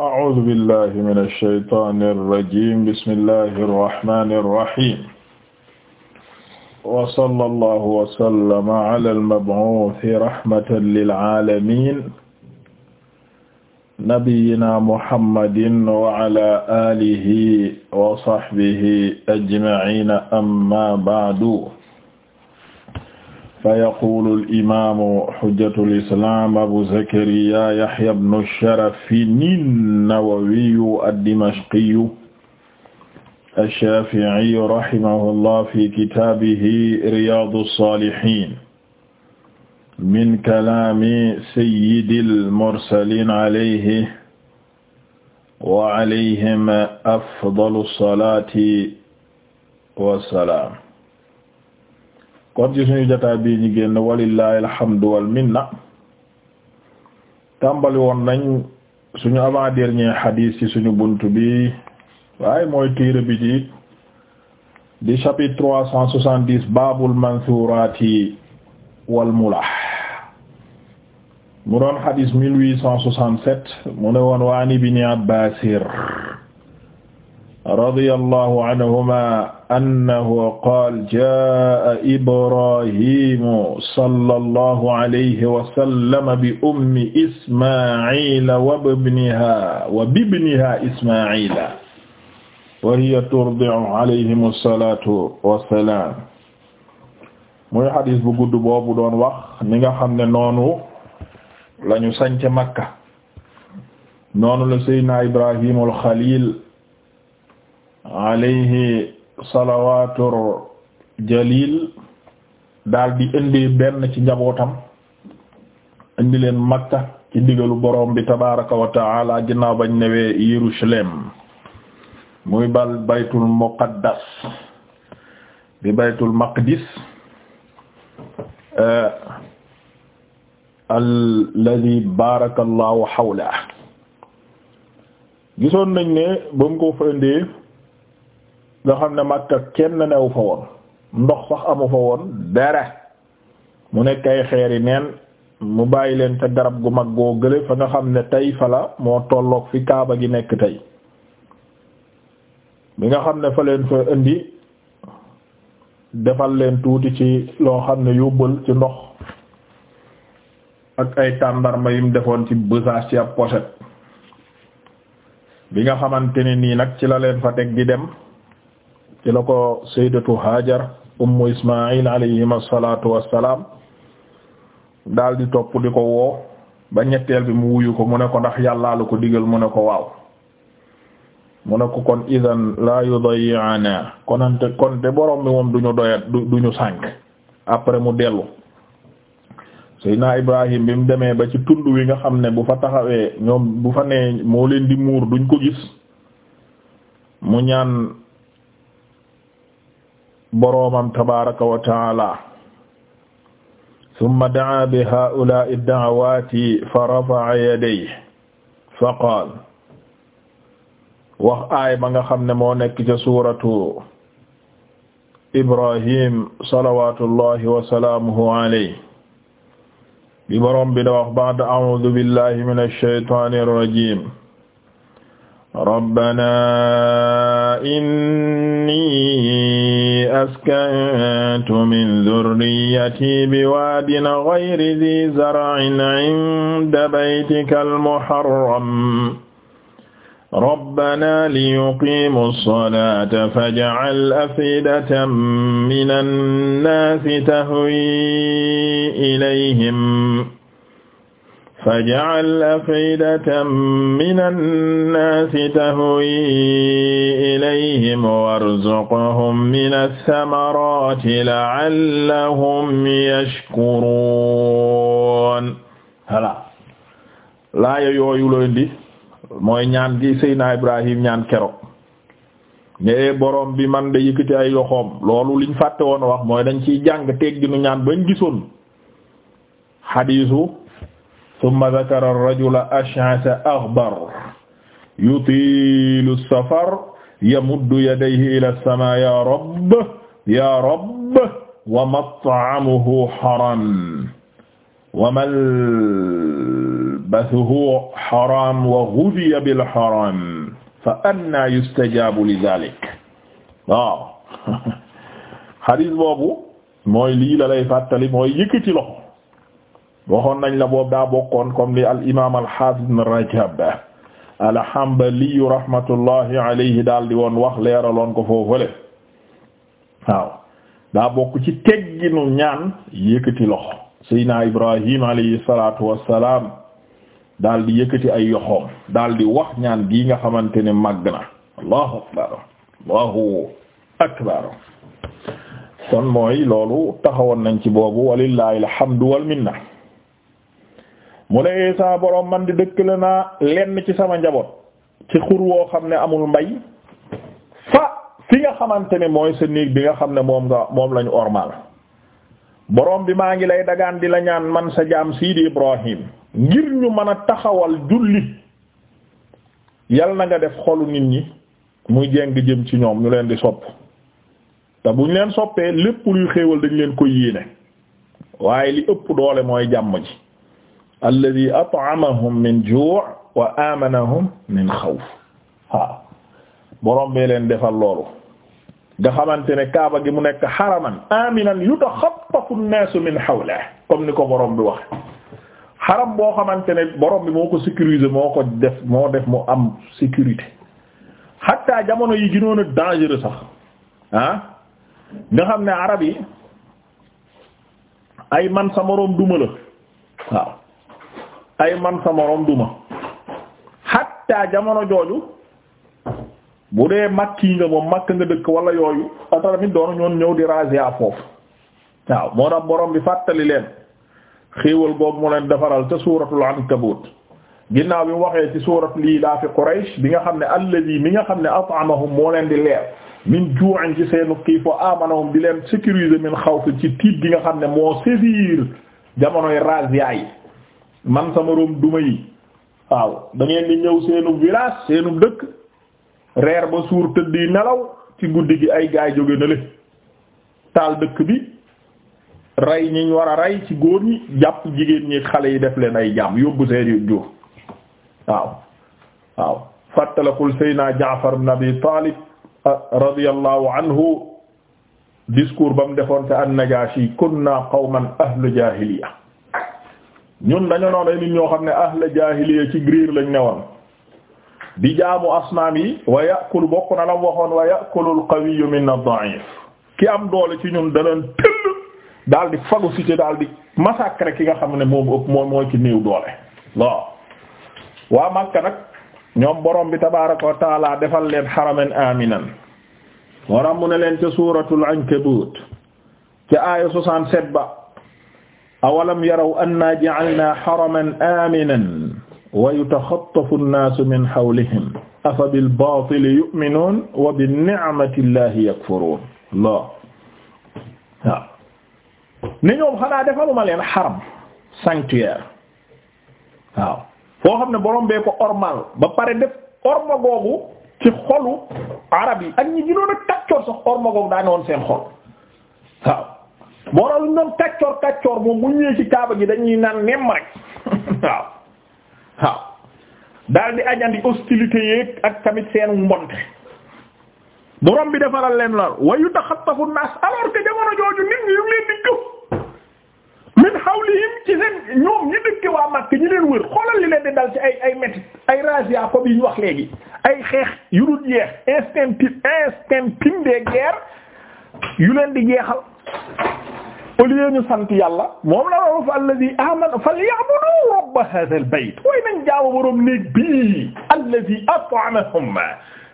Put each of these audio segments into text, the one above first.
أعوذ بالله من الشيطان الرجيم بسم الله الرحمن الرحيم وصلى الله وسلم على المبعوث رحمة للعالمين نبينا محمد وعلى آله وصحبه أجمعين أما بعد فيقول الإمام حجة الإسلام أبو زكريا يحيى بن الشرف النووي الدمشقي الشافعي رحمه الله في كتابه رياض الصالحين من كلام سيد المرسلين عليه وعليهم أفضل الصلاة والسلام kon ci suñu jotaay bii ñu génn walillahi alhamdu wal minna tàmbali woon nañ suñu avant dernier hadith ci suñu bunt bi waaye mooy téere bi ci di chapitre trois cent soixante mu doon hadith mille huit cent soixante-sept mu ne woon waani annahu qaala jaa'a Ibraahiimu sallallahu alayhi wa sallam bi ummi Ismaa'iila wa bibnihaa wa bibnihaa Ismaa'iila wa hiya turdi'u alayhimu salaatu wa salaam. muy xadis bu gudd boobu doon wax ni nga xam ne noonu la ñu sànc Makka noonu la Seydina Ibraahiimul Xaliil alayhi salawaatur jalil daal di indi benn ci njabootam indi leen Makka ci ndigalu borom bi tabaaraka wa taala ginnaaw bañ newee Yerusalem muy bal baytul muqaddas bi baytul maqdis eh, alladi baaraka allahu hawla gisoon nañ ne ba mu ko fëndee nga xam ne Makka kenn newu fa woon ndox sax amu fa woon dara mu nekk ay xeeri neen mu bàyyi leen ca garab gu mag goo gële fa nga xam ne tey fa la moo tolloog fi kaaba gi nekk tey bi nga xam ne fa leen fa indi defal leen tuuti ci loo xam ne yóbbal ci ndox ak ay tàndarma yim defoon ci bësaas ci ab pochette bi nga xamante ni nii nag ci la leen fa teg di dem ci la ko sayyidatu Hajar ummu Ismaa'il alayhima salaatu wassalaam daal di topp di ko woo ba ñetteel bi mu wuyu ko mu ne ko ndax yàllaa ko digal mu ne ko waaw mu ne ko kon idan la yudayyana konante kon de borom bi moom duñu doyat duñu sànk après mu dellu Seydina Ibrahim bi mu demee ba ci tund wi nga xam ne bu fa taxawee ñoom bu fa nee moo leen di muur duñ ko gis mu ñaan boroomam tabaraka wa taala summa daa bi haa'ulaa'i da'awaati fa rafa'a yadayhi fa qaal wax aay ba nga xam ne moo nekk ca suuratu Ibrahim salawaatullahi wa salaamuhu alayhi bi boroom bi da wax ba'da a'uudu billahi minash shaytaanir rajiim rabbanaa innii askantu min dhurriyyati biwaadin ghayri dhi zar'in 'inda baytika al-muharram rabbana liyuqiimu as-salaata faj'al af'idatan mina an-naasi tahwii ilayhim faj'al af'idatan mina nnaasi tahwii ilayhim warzuqhum mina samaraati la'allahum yashkuruun. voilà laaya yooyu looy indi mooy ñaan gi Seydina Ibrahim ñaan keroog mais borom bi man de yëkkati ay loxoom loolu liñ fàtte woon wax mooy dañ ciy jàng tegginu ñaan bañ gisoon xadiisu. summa dakara rajula ash'asa aghbar yutiilu safar yamuddu yadayhi ila samaa ya rabb ya rabb wa mat'amuhu haram wa malbasuhu haram wa ghudiya bil haram fa anna yustajabu li dhalik waaw xadiis boobu mooy lii la lay fàttali mooy yëkkati loxo waxoon nañ la boobu bokkoon comme li al imaam al haafid ibn Rajab al daal di woon wax leeraloon ko foofule waaw daa bokk ci tegginu ñaan yëkkati loxo Seydina Ibrahim alayhi salaatu wassalaam daal di yëkkati ay yoxoom daal di wax ñaan gii nga xamante ne màgg na akbar allahu akbar kon mooy loolu taxawoon nañ ci boobu walillahi alhamdu wal mu ne saa boroom man di dëkkale naa lenn ci sama njaboot ci xur woo xam ne amul mbay fa fi nga xamante ne mooy sa néeg bi nga xam ne moom nga moom lañu ormal boroom bi maa ngi lay dagaan di la ñaan man sa jaam Sidi Ibrahim ngir ñu mën a taxawal julli yal na nga def xolu nit ñi muy jeng jëm ci ñoom ñu leen di sopp te bu ñu leen soppee lépp luy xéewal dañ leen ko yéene waaye li ëpp doole mooy jàmm ji alladhi at'amahum min ju' wa min xawf waaw borom bee leen defal loolu nga xamante ne kaaba gi mu nekk xaraman yu yutaxattafu an-naasu min hawlihi comme ni ko borom bi wax xaram boo xamante ne borom bi moo ko sécuriser moo ko def moo def mu am sécurité hatta jamono yi gënoon a dangereux sax ah nga ne arab ay man sa moroom ay man sa morom duma hatta jamono jooju bu dee kii nga moom makk nga dëkk wala yooyu atamit doonu ñoon ñëw di razzia foofu waaw moo tax borom bi fàttali leen xéewal googu moo leen defaral ca suuratul ankabut ginnaaw bi mu waxee ci suurat lii laa fi Quraysh bi nga xam ne alladi mi nga xam ne at'amahum moo leen di leer min ju'in ci seenu xiif wa amanahum di leen sécuriser min xawf ci tiit gi nga xam ne moo sévir jamonoy razzia yi man sama room duma yi waaw da ngeen di ñëw seenu village seenu dëkk reer ba suur tëdd yi nelaw ci guddi gi ay gaay jóge na le taal dëkk bi rey ñi ñu war a rey ci góor ñi jàpp jigéen ñi xale yi def leen ay jaam yóbbu seen jur waaw waaw fàttalakul Seydina Jaafar ibn Abi Taalib radiyallahu anhu discours ba mu defoon te an-Najaashi kunna qawman ahlu jaahiliya ñun dañu noonu ay nit ñoo xam ne ahla jaahiliya ci griir lañ newoon di jaamu asnaam yi wa ya'kul bokk na lam waxoon wa ya'kulu al-qawiyyu minna ad-da'if ki am doole ci ñun danoon tëll daal di phagocyté daal di massacre ki nga xam ne moom ëpp moo ci néew doole waa Makka nag ñoom borom bi tabaaraka wa defal leen haraman aminan waram mu ne leen ca suuratul ankabut ca aaya 67 ba awalam yaraw annaa ja'alnaa haraman aaminan wa yutaxattafu annaasu min hawlihim afa bilbaatili yu'minuun wa binni'mati llaahi yakfuruun waaw ne ñoom xanaa defaluma leen xaram sanctuaire waaw foo xam ne borom bee ko ormal ba pare def orma googu ci xolu arab yi ak ñi gënoon a tàccoon sax orma googu daa ne woon seen xol waaw moo tax lu ñu doon moom bu ñëwee ci kaaba gi dañuy naan nemm rek waaw waaw daal di ajandi hostilité yeeg ak tamit seenu mbonte borom bi defaral leen lool wa yutaxattafu naas alors que jamono jooju nit ñi ñu leen di jóg min hawlihim ci seen ñoom ñi dëkke waa Makka ñi leen wër xoolal li leen di dal ci ay ay métit ay razzia comme yi ñu wax léegi ay xeex yu dul jeex instinct instinct de guerre yu leen di jeexal. au lieu ñu sant yàlla moom la wax fa alladhi amana falyabudu rabb hadha al bayt way nañ jaamu boroom néeg bii alladhi at'amahum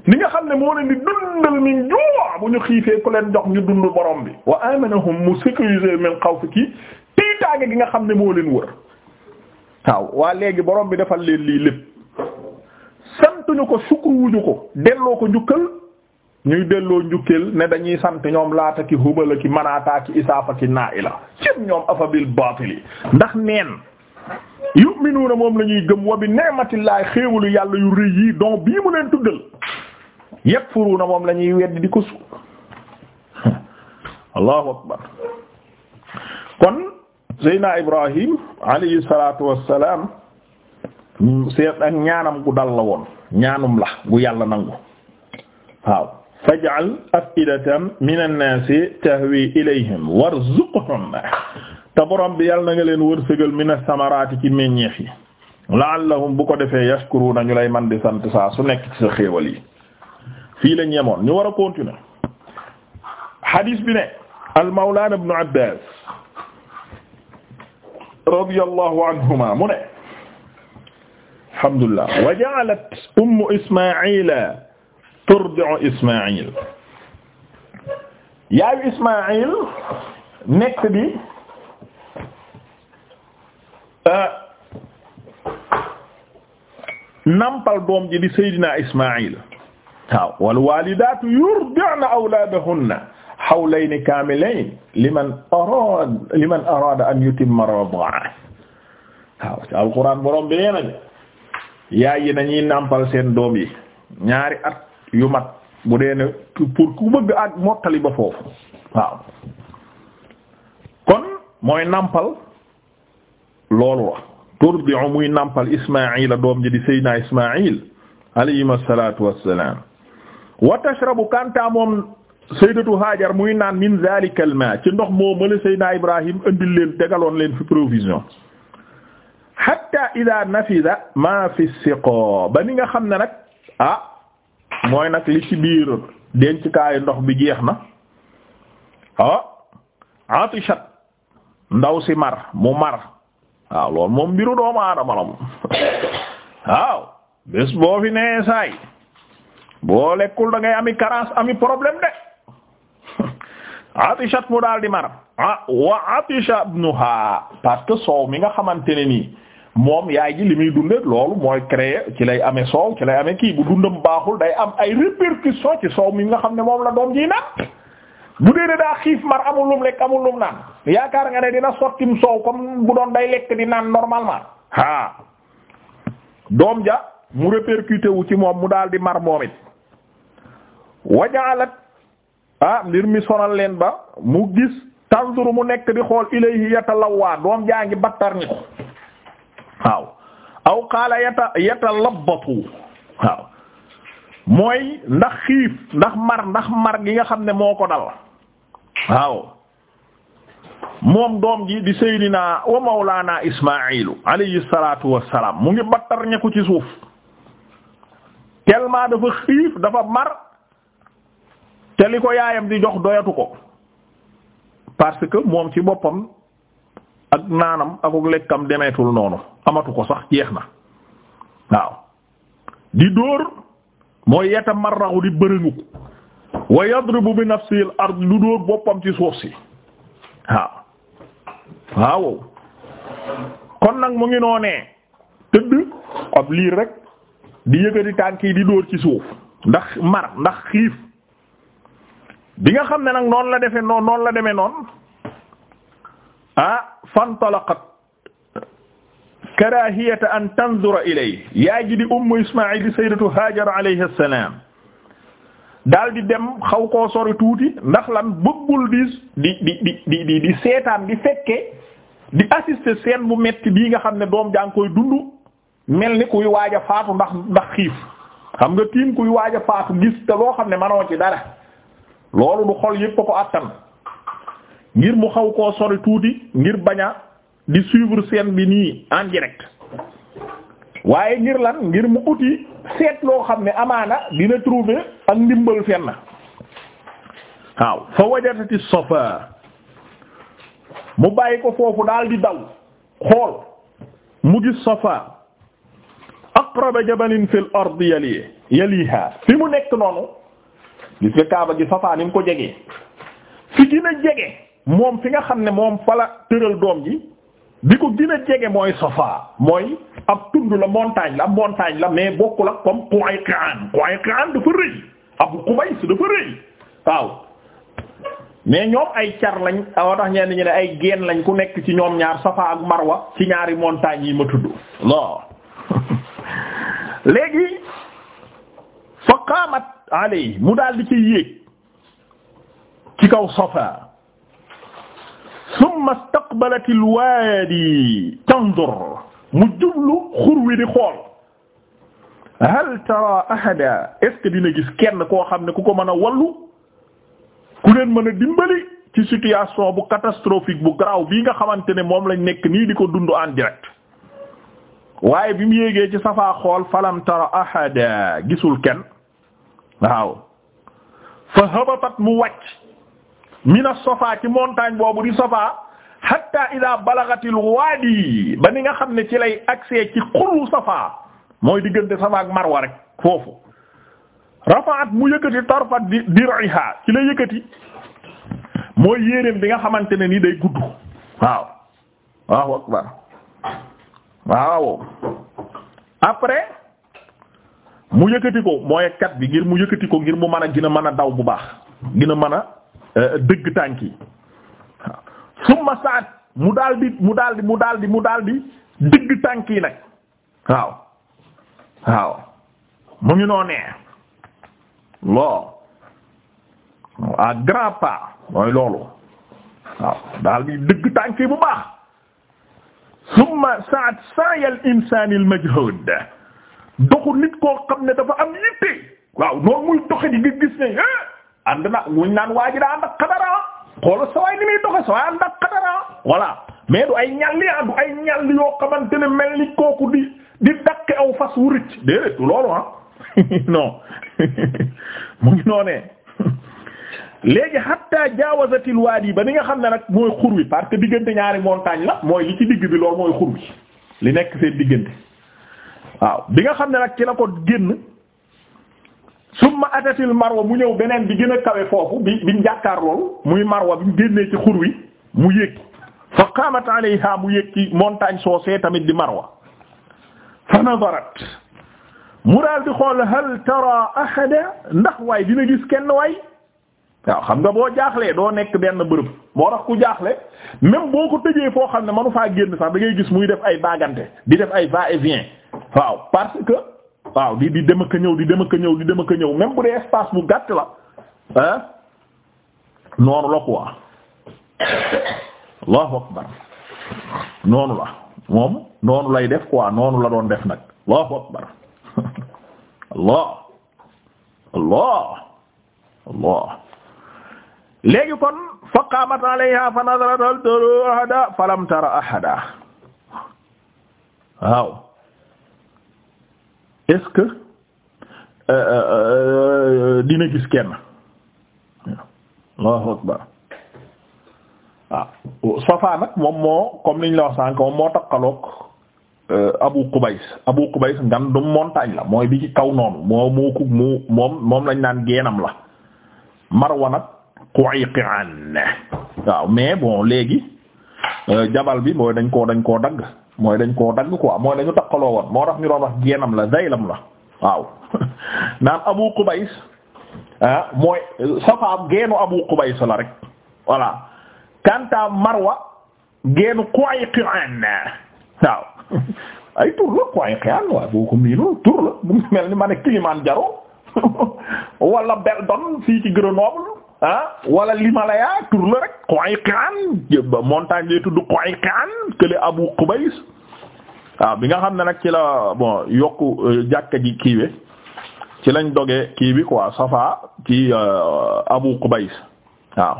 li nga xam ne moo leen di dundal min juu' bu ñu xiifee ku leen jox ñu dund borom bi wa amanahum mu sécuriser min xawf kii tiitaange gi nga xam ne mooleen leen wër waa léegi borom bi defal leen lii lépp santuñu ko sukkuruwuñu ko delloo ko njukkal ñuy delloo njukkeel ne dañuy sant ñoom laata ki hubala ki manaata ki isaafa ki naa'ila cim ñoom afabil baatili ndax neen yu'minuuna moom la ñuy gëm wa bi ni'matillahi xéewalu yàlla yu rëy yi donc bii mu leen tuddal yakfuruuna moom lañuy ñuy weddi di ko su allahu akbar kon seyna ibrahim alayhi ak ñaanam gu dal la woon ñaanum la gu yàlla nangu waaw faj'al af'idatan mina n-naasi tahwi ilayhim warzuqhum te borom bi yàlla na nga leen wërsëgal mina samaraati ci meññeef yi la'allahum bu ko defee yashkuruuna ñu lay man di sant saa su nekk ci sa xéewal yi fii lañ yemoon ñu war a continuer hadis al mawlaana ibnu abbaas radiyallahu anhuma mu ne alhamdulillah wa ja'alat ummu ismaa'ila turdi'u Ismaïl yaayu Ismaïl nekk di euh, nampal doom ji di Seydina Ismaïl waaw wal walidaatu yurdi'na awlaadahunna hawlayni kaamilayni liman araada liman araada an yutimma ar-ridaa'a waaw ci alquran borom bi nee nañu yaay yi nañuy nampal seen doom yi ñaari at yu mat bu dee ne pour ku bëgg ak mottali ba foofu waaw kon mooy nampal loolu la turdi'u muy nampal ismaila doom ji di sayyidina ismail alayhi assalatu wassalam wa tashrabu kanta moom sayyidatu hajar muy naan min zalika al ma ci ndox moo mala sayyidina ibrahim andil leen tegaloon leen fi provision hatta ida nafida ma fi siqa ba ni nga xam ne nag ah mooy nag li ci biir denckaayu ndox bi jeex na ah atishat ndaw si mar mu mar waaw loolu moom mbiru doomu aadama la waaw bés boo fi nee boo lekkul da ngay ami carence ami problème de atishat mu daal di mar ah wa atisha ibnuha parce que soow mi nga xamante ne nii moom yaay ji li muy dunde loolu mooy créer ci lay amee soow ci lay amee kii bu dundam baaxul day am ay répercussions ci soow mi nga xam ne moom la doom ji naan bu dee daa xiif mar amul lum lekk amul lum naan yaakaar nga ne dina sottim soow comme bu doon day lekk di naan normalement ah doom ja mu répercuté wu ci moom mu daal di mar moom it wajaalat ah mbir mi sonal leen ba mu gis tanzuru mu nekk di xool ilayhi yatalawaa doom jaa ngi battar ni ko waaw aw qaala yata yatalabbatu waaw mooy ndax xiif ndax mar ndax mar gi nga xam ne moo ko dal waaw moom doom ji di seydina wa mawlaana ismailu alayhi salaatu wassalaam mu ngi battar ña ci suuf tellement dafa xiif dafa mar te li ko yaayam di jox doyatu ko parce que moom ci boppam ak naanam akuk lekkam demeetul noonu amatu ko sax jeex na waaw di dóor mooy yatamarraxu di bërëngu wa yadribu bi nafsil ard du dóor boppam ci suuf si waaw waaw kon nag mu ngi noonee tëdd ab liir rek di yëgëri tànk yi di dóor ci suuf ndax mar ndax xiif bi nga xam ne nag noonu la defe noon noonu la demee noonu ah fantalaqat karahiyata an tanzura ilay yaay ji di ummu ismail di sayyidatu hajar alayhi assalam daal di dem xaw ko sori tuuti ndax lan bëggul di di di di seetaan di fekke di assister seen bu metti bii nga xam ne doom jaa ngi koy dund mel ni kuy waaj a faatu ndax ndax xiif xam nga tiim kuy waaj a faatu gis te loo xam ne manoo ci dara loolu du xol yépp ko attan ngir mu xaw koo sori tuuti ngir baña di suivre seen bi nii en direct waaye ngir lan ngir mu uti seet loo xam ne amaana dina trouver ak ndimbal fenn waaw fa wajatati safa mu bàyyi ko foofu daal di daw xool mu gis safa aqraba jabalin fil ard yali yaliha fi mu nekk noonu gis nga kaaba gi safa ni ko jegee fi gën a jege moom fi nga xam ne moom fala tëral doom yi bi ko gën a jege mooy Safa mooy ab tund la montagne la montagne la mais bokkul ak comme Quyqaan Quyqaan dafa rëy Abu Qubays dafa rëy waaw mais ñoom ay car lañ awoo tax ñenn ñi ne ay geen lañ ku nekk ci ñoom ñaar Safa ak Marwa ci ñaari montagnes yi ma tudd lo léegi fa qaamat alay mu daal di ci yéeg ci kaw Safa summa istaqbalat al-waadi tanzur mu jublu xur di xool hal tara ahada est-ce que dina gis kenn koo xam ne ku ko mën a wallu ku leen mën a dimbali ci situation bu catastrophique bu garaaw bii nga xamante ne moom lañ nekk nii di ko dund en direct waaye bi mu yéegee ci safa xool falam tara ahada gisul kenn waaw fa habatat mu wàcc mina Safa ci montagne boobu di Safa hatta ida balagatil waadi ba ni nga xam ne ci lay accès ci xuru Safa mooy diggante Safa ak Marwa rek foofu rafaat mu yëkkati tarfat di dir'iha ci lay yëkkati mooy yéreem bi nga xamante ne ni day gudd waaw waaw waaw après mu yëkkati ko mooy kat bi ngir mu yëkkati ko ngir mu man a gën a mën a daw bu baax gën a mën a Euh, dëgg tànk yi waaw mu daal di mu daal di mu daal di mu daal di dëgg tànk yi nag waaw waaw mu ngi noo nee loo grand pas mooy loolu waaw daal di dëgg tànk yi bu baax summa saat sayal insanil majhud nit koo xam ne dafa am yitte waaw noonu muy doxe nga gis ne ànd na muñ naan waa ji daa ànd ak xadaraa xoolal sa ni muy doxe sa waay ak xadaraa voilà mais du ay ñàlli ah du ay ñàlli yoo xamante ne mel ni kooku di di dakke aw fas wu rëcc déedéet loolu ah mu ngi noonee léegi hatta jaawazatil waadi ba ni nga xam ne nag mooy xur wi parce que diggante ñaari montagne la mooy li ci digg bi loolu mooy xur wi li nekk seen diggante waaw bi nga xam ne nag ci la ko génn summa atatil marwa mu ñëw beneen bi gën a kawe foofu bi bi njàkkaar loolu muy marwa bi mu génnee ci xur wi mu yéeg fa yi alayha mu yéeg ci montagne soosee tamit di marwa fa nadarat mu daal di xool hal tara ahada ndax waay dina gis kenn waay waaw xam nga boo jaaxlee doo nekk benn bërëb moo tax ku jaaxle même boo ko tëjee foo xam ne manu faa génn sax da ngay gis muy def ay bagante di def ay va et waaw parce que waaw di di dem ak ñëw di dem ak ñëw di dem ak ñëw bu dee espace bu gàtt la ah noonu la quoi allahu akbar noonu la moom noonu lay def quoi noonu la doon def nag allahu akbar allah allah allah léegi kon fa qamat alayha fa nadarat tara ahada falam tara ahada waaw est-ce que euh, euh, euh, dina gis kenn Allahu akbar waaw ah, Safa nag moom moo comme liñ la wax sànq moom moo takkaloog Abu Qubays Abu Qubays ngandum montagne la mooy bi ci kaw noonu moom moom lañ naan geenam la Marwa nag Quayqi'an waaw mais bon léegi jabal bi mooy dañ koo dañ koo dagg mooy dañ koo dagg quoi mooy dañu takkaloo woon moo tax ñu doon wax geenam la zaylam la waaw naan Abu Qubays ah mooy safaam geenu Abu Qubays la rek voilà kanta Marwa geenu Qayqi'an waaw ay tur la Qayqi'an waaw boo ko miinu tur la mu mel ni ma ne Kilimanjaro wala Beldon fii ci Grenoble ah wala l'Himalaya tur la rek Qayqaan montagne lay tudd Qayqaan kële Abu Qubays bi nga xam ne nag ci la bon yokku euh, jàkka ji kiiwe ci lañ doge kii bi quoi Safa ci euh, Abu Qubays waaw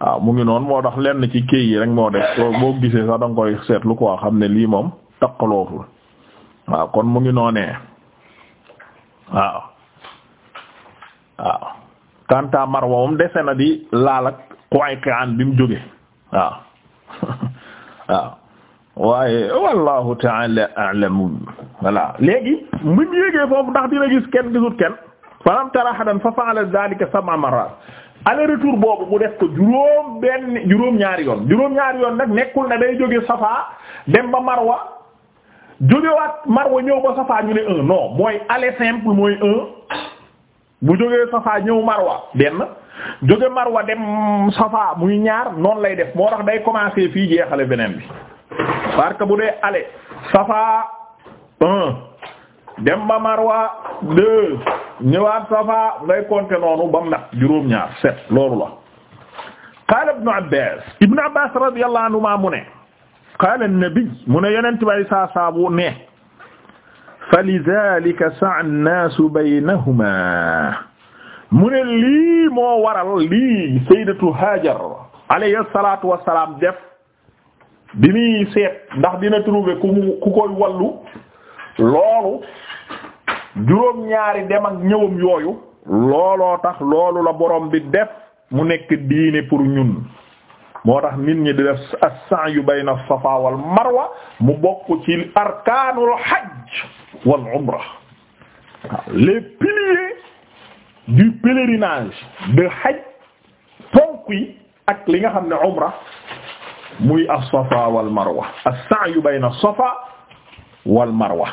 waaw mu ngi noon moo tax lenn ci kii yi rek moo def boo gisee sax da nga koy seetlu quoi xam ne lii moom takkalootul waaw kon mu ngi noonee waaw waaw Kanta Marwa moom dese na di laal ak Qayqaan bi mu jóge waaw waaye wallahu ta'ala a'lam léegi mu yéegee foofu ndax dina gis kenn gisut kenn falam tara hadan fa fa'ala dhalika sab'a marrat aller retour boobu mu def ko juróom benn juróom ñaari yoon juróom ñaari yoon nag nekkul ne day jóge Safa dem ba Marwa jógewaat Marwa ñëw ba Safa ñu ne mooy aller simple mooy un bu jógee Safa ñëw Marwa benn jóge Marwa dem Safa muy ñaar noonu lay def moo tax day commencer fii jeexale beneen bi parce que bu dee ale Safa un dem ba Marwa deux ñëwaat Safa ngay compter noonu ba nag juróom-ñaar sept loolu la qaala ibnu Abbaas ibnu Abbaas radiyallahu anhuma mu ne qaala an-nabi mu ne yonent bay saa saabu ne falidalika saa nnaasu baynahuma mu ne lii moo waral lii saydatu hajar alayhi salaatu wassalaam def bi muy seet ndax dina trouver ku mu ku koy wallu loolu juróom-ñaari dem ak ñëwam yooyu looloo tax loolu la borom bi def mu nekk diine pour ñun moo tax nit ñi di def as-sa'yu bayna safa wal marwa mu bokk ci arkaanul hajj wal umra waaw les du pèlerinage de hajj ponk ak li nga xam ne umra muy as-safa wal marwa as-sa'yu bayna as-safa wal marwa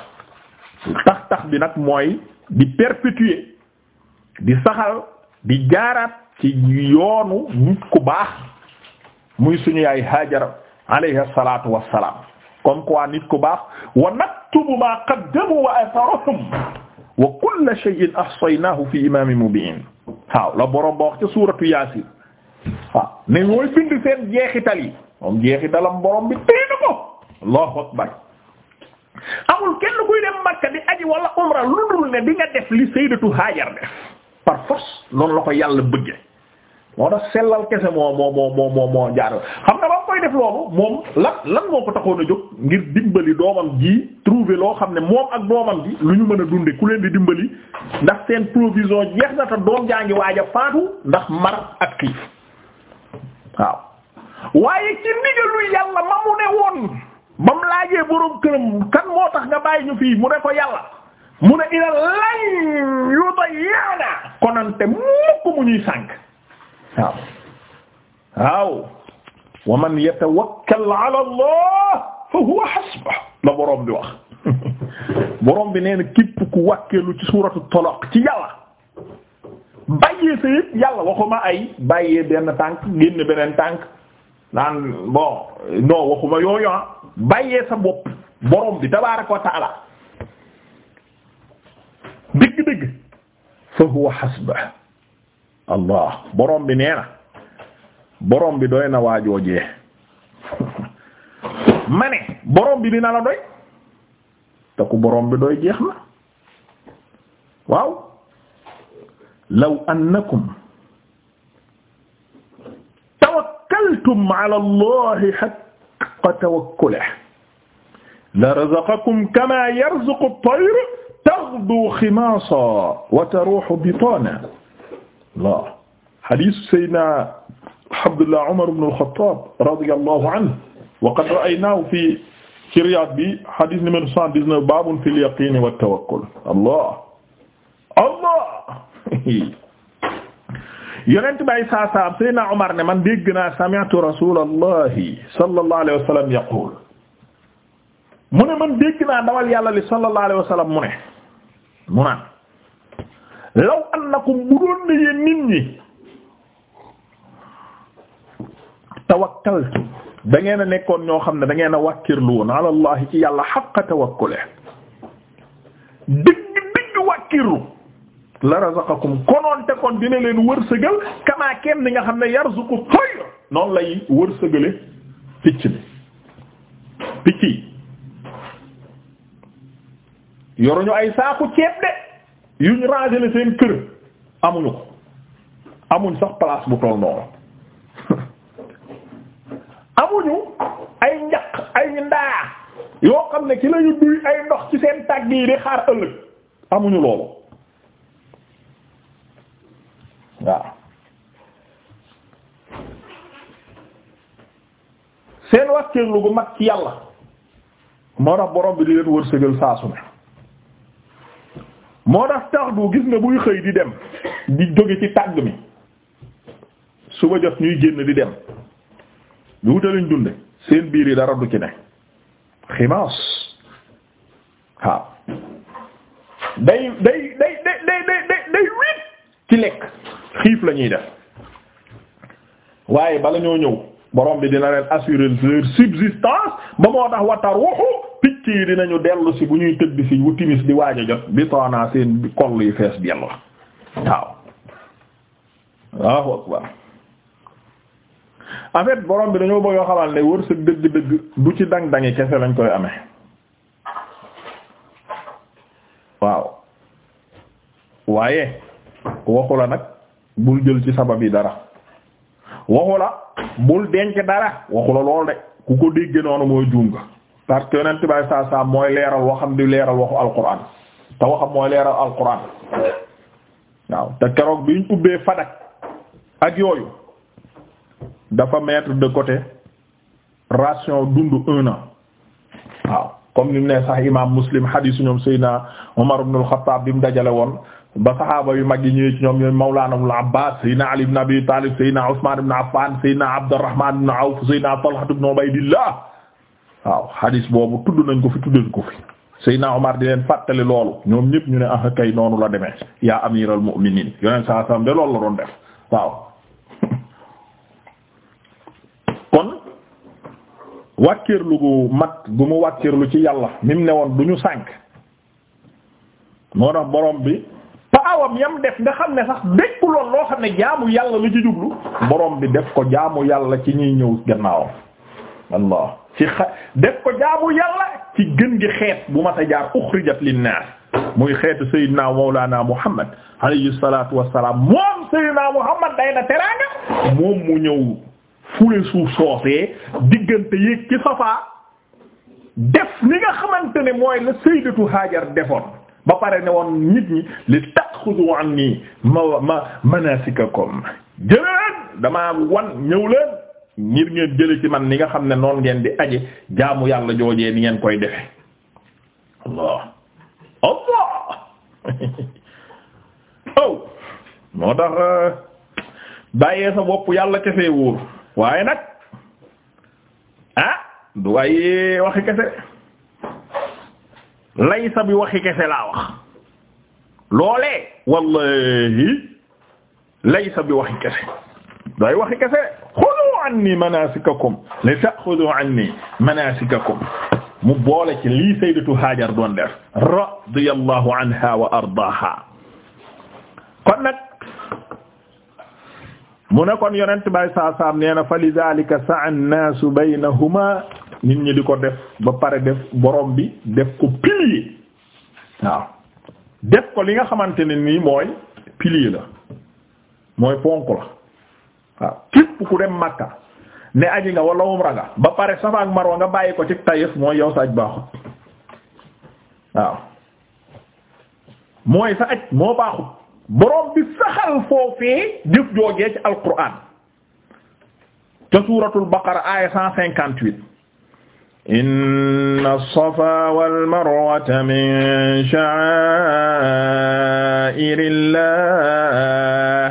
tax tax bi nag mooy di perpétuer di saxal di jaaraat ci yoonu nit ku baax muy suñu ay hajar alayhi salatu wassalam comme quoi nit ku baax wa naktubu ma qaddamu wa atharahum wa kulla shay'in ahsaynahu fi imamin mubin waaw la borom wax ca suuratu yaasin waaw ne mooy bind seen jeexital yi moom jeexitalam borom bi téye na ko allahu akbar amul kenn kuy Makka di aji wala umra lu dul ne nga def li sayyidatu Hajar def yàlla bëgge moo tax sellal kese moo moo moo moo moo jaar xam nga ba koy def loolu moom lan lan moo ko taxoon a jóg ngir dimbali doomam ji trouver loo xam ne moom ak doomam ji lu ñu mën a dunde ku leen di dimbali ndax seen provision jeex na te doom jaa ngi waaj a faatu ndax mar ak xiif waaw waaye ci ndigalu yàlla ma mu ne woon ba mu laajee boroom këram kan moo tax nga bàyyi ñu fii mu ne ko yàlla mu ne ina lañ yu doy yaana konante mukk mu ñuy waaw waaw wa man yatawakkal ala allah fa huwa hasbuh la borom bi wax borom bi nee na képp ku wàkkeelu ci suuratu talaq ci yàlla bàyyee sa yëpp yàlla waxuma ay bàyyee benn tànk génn beneen tànk naan bon non waxuma yooyu ah bàyyee sa bopp borom bi tabaaraka wa taala dëgg-dëgg fa huwa hasbuh allah borom bi nee na borom bi doy na waajoojee ma ne borom bi dina la doy te ku borom bi doy jeex na waaw law annakum tawakkaltum ala allahi haqqa tawakkulihi la razaqakum kama yarzuqu at-tayru taghdu khimasa wa taruhu bitana waaw hadith Seydina Abdullah Umar ibn al-Khattab radiyallahu anhu wa qad ra'aynaahu fi ci Riyad bi hadith numéro 119 baabun fil yaqin wat tawakkul Allah Allah yonent bay saa saab Seydina Umar ne man dégg naa sami'tu rasulallahi sallallahu alayhi wa sallam yaqul mu ne man dégg naa dawal yàlla li sallallahu alayhi wa sallam mu ne mu naan law annakum bu doon ne yéen nit ñi tawakkaltu da a nekkoon ñoo xam ne da ngeen a wàkkirlu woon ala allah ci yàlla haqqa tawakkule digg digg wàkkirlu la razaqakum konoon te kon dina leen wërsëgal kamaa kenn ni nga xam ne yarzuqu tayr noonu lay wërsëgale picc mi picc yi ay saaku ceeb de yu ñu rangele seen kër amuñu ko amuñ sax place bu toll noonu amuñu ay njaq ay ndaa yoo xam ne ci la duy ay ndox ci seen tàgg yi di xaar ëllëg amuñu loolu waaw seen wàkkeerlu gu mag ci yàlla moo tax borom bi di leen wërsëgal saasu ne moo tax tax du gis nga buy xëy di dem di jóge ci tàgg mi suba jot ñuy génn di dem lu wute lañ dunde seen biir yi dara du ci ne ximaas waaw day day day day day day day ci lekk xiif la def waaye bala ñoo ñëw borom bi dina leen assurer leur subsistance ba moo tax watar waxu picc yi dinañu dellu si bu ñuy tëdd si wu timis di waaj a jot bi toonaa seen koll yu fees dell la waaw waaw akbar en fait borom bi dañoo bëgg a ne wërsëg dëgg-dëgg du ci dang-dangi kese lañ koy amee waaw waaye waxu la nag bul jël ci sabab yi dara waxu la bul denc dara waxu la lool de ku ko dégge noonu mooy juum parce que yonent bay saa saa mooy leeral waxam di leeral waxu alquran te waxam mooy leeral alquran waaw te keroog bi ñu ubbee fadak ak yooyu dafa mettre de côté ration dund un an waaw comme ni mu ne sax imam muslim hadith ñoom Seydina Umar ibn al bi mu dajale woon ba saxaaba yu mag yi ñëwee ci ñoom ñooy Mawlaana Ibn Abbaas Seydina Ali ibn Abi Taalib Seydina Usmaan ibn Affaan Seydina Abdurrahmaan ibn Awf Seydina Talha ibn Ubaydillah boobu tudd nañ ko fi tudd nañ ko fi Seydina Omar di leen fàttali loolu ñoom ñëpp ñu ne ah kay noonu la demee yaa amiral mu'miniin yoneen saa saam de loolu la doon def waaw kon wàkkiirlu gu mat gu mu wàkkiirlu ci yàlla mi mu ne woon du ñu sànk moo tax borom bi ñaawam yam def nga xam ne sax békku lool loo xam ne jaamu yàlla lu ci jublu boroom bi def ko jaamu yàlla ci ñuy ñëw gannaawam allah ci xa def ko jaamu yàlla ci gën gi xeet bu ma sa jaar uxrijat linnaas muy xeetu sayyidina mawlana muhammad alayhi salatu wassalam moom sayyidina muhammad day na teraanga moom mu ñëw fule suuf soosee diggante yéeg ci safaa def ni nga xamante ne mooy la sayyidatu hajar defoon ba pare ne woon nit ñi li tax xudu anni ma ma manasikakum jëleen damaa wan ñëw leen ngir ngeen jële ci man ni nga xam ne noon ngeen di aje jaamu yàlla joojee ni ngeen koy defe allah allah ow oh. moo tax uh, bàyyee sa bopp yàlla kese wóor waaye nag ah du waaye waxi kese laysa bi waxi kese laa wax loolee wallahi laysa bi wax kese day waxi kese xudu anni manasikakum li anni manasikakum mu boole ci lii sayyidatu Hajar doon def radiyallahu anha wa ardaaha mu ne kon yonent bay saa saam nee na fa sa'a an-naasu baynahuma nit ñi di ko def ba pare def borom bi def ko def ko li nga xamante ne nii mooy pilier la mooy ponk la waaw képp ku dem Makka ne aji nga wala umra nga ba pare Safa mar Marwa nga bàyyi ko ci Taïf mooy yow sa aj baaxut waaw mooy sa aj moo baaxut borom bi saxal foofee jëf joojee ci alquran ca suuratul baqara aaya cent cinquante-huit inna as-safaa wal marwata min sha'aa'irillah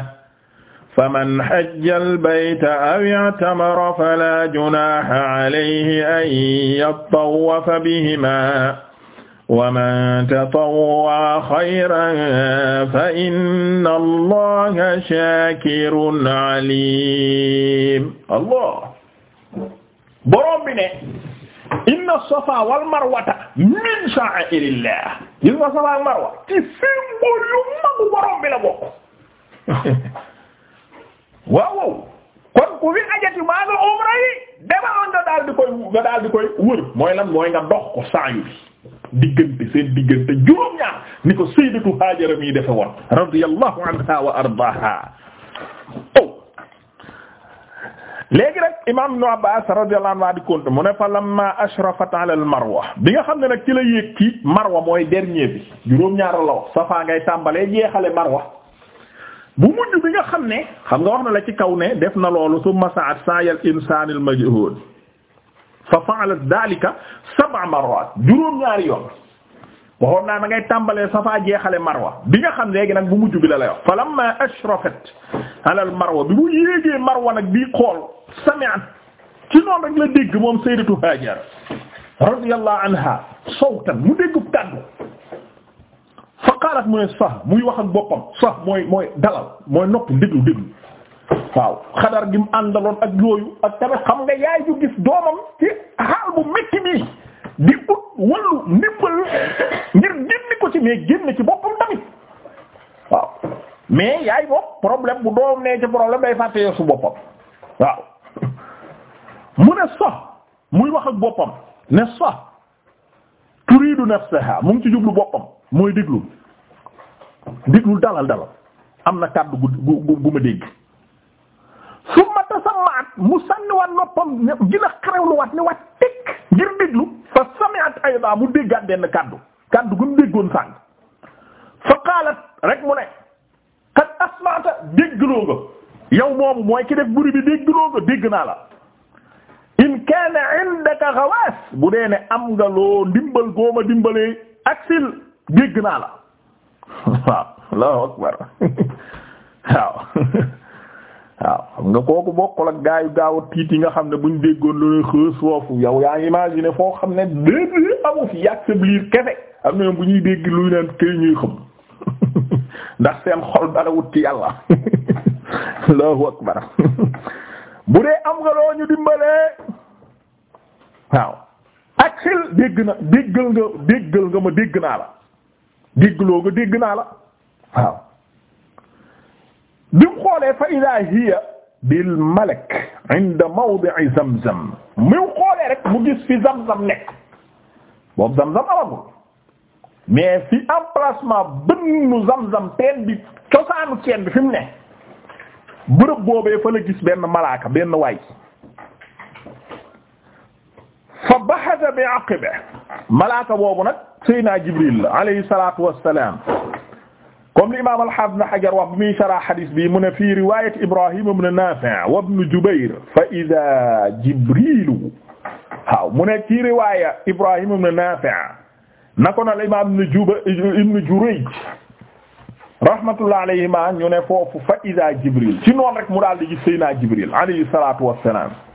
faman hajja al-bayta aw i'tamara falaa junaaha alayhi an yattawwafa bihimaa wa man tatawwa'a khayran fa inna Allaha shaakirun aliim. Allah borom bi ne. inna safa wal marwata min sha'airillah gis nga safa ak marwa ci symbole yu magu borom bi la bokk kon ku fi ajati maa nga umra yi demal nga daal di koy nga daal di koy wër mooy lan mooy nga dox ko saayu bi diggante seen diggante juróom ñaar ni ko sayyidatu Haajara mi defe woon radiyallahu anha wa ardaha oh, léegi rek imaam Ibn Abbaas radiyallahu anhu di compte mu ne fa lamma ashrafat ala al marwa bi nga xam ne nag ci la yéeg ci marwa mooy dernier bi juróom-ñaar la wax safaa ngay tàmbalee jeexale marwa bu mujj bi nga xam ne xam nga wax na la ci kaw ne def na loolu summa sa'at sa'yal insaan al majhuud fa fa'alat dhalika sab'a marrat juróom-ñaari yoon waxoon naa da ngay tàmbalee safa jeexale marwa bi nga xam léegi nag bu mu bi la lay wax fa lamma ashrafat ala al marwa bi mu yéegee marwa nag di xool sami'at ci noonu rek la dégg moom sayyidatu hajar radiyallahu anha sawtan mu dégg kàddu fa qalat mu ne muy wax ak boppam sah mooy mooy dalal mooy noppi déglu déglu waaw xadar gi mu ak yooyu ak tamit xam nga yaay ju gis doomam ci xaal bu metti di ut wallu ndimbal ngir génn ko ci mais génn ci boppam tamit waaw mais yaay bopp problème bu doom nee ci problème day fàtte yow boppam waaw mu ne sax muy wax ak boppam ne sax turidu nafsaha mu ngi ci jublu boppam mooy déglu déglu dalal dalal am na kàddu gu gu gu ma dégg summa tasammaat mu sànniwaat noppam gën a xarewluwaat ne waat teg ngir déglu fa sami'at ayda mu déggaat benn kaddu kaddu gu déggoon sànq fa qaalat rek mu ne qad asma'ta déggloo nga yow moomu mooy ki def buri bi déggloo nga dégg naa la in kaana indaka ghawaas bu dee ne am nga loo ndimbal gooma dimbalee aksil dégg naa la waaw allahu akbar waaw waaw xam nga kooku bokkul ak gaayu gaaw a tiit yi nga xam ne buñ déggoon lu ne xës foofu yow yaa ngi foo xam ne déedéet amu fi yàgg sa biir kese am na bu ñuy dégg luy naan këy ñuy xam ndax seen xol dara wut ci yàlla Allahu akbar bu dee am nga loo ñu dimbalee waaw ak sil dégg na déggal nga déggal nga ma dégg naa la déggloo nga dégg naa la waaw bi mu xoolee fa ida hiya bil malak inda mawdi'i zamzam mi mu xoolee rek mu gis fi zamzam nekk boobu zamzam amagul mais fi emplacement bënnu zamzam teen bi cosaanu teen bi fi mu ne bërëb boobee fa la gis benn malaaka benn waay fa bahasa bi aqibe malaaka boobu nag Seydina Jibril alayhi salaatu wassalaam comme li imaam al-Hafiz Ibn Hajar wax bi muy sarah hadis bi mu ne fii riwaayat Ibrahim ibn Nafi' wa ibn Jubayr fa idaa Jibrilu waaw mu ne ci riwaaya Ibrahim ibn Nafi' nako na imaam ibn Juba ibn Jurayj rahmatullah alayhima ñu ne foofu fa idaa Jibril ci noonu rek mu daal di gis Seydina Jibril alayhi salaatu wassalaam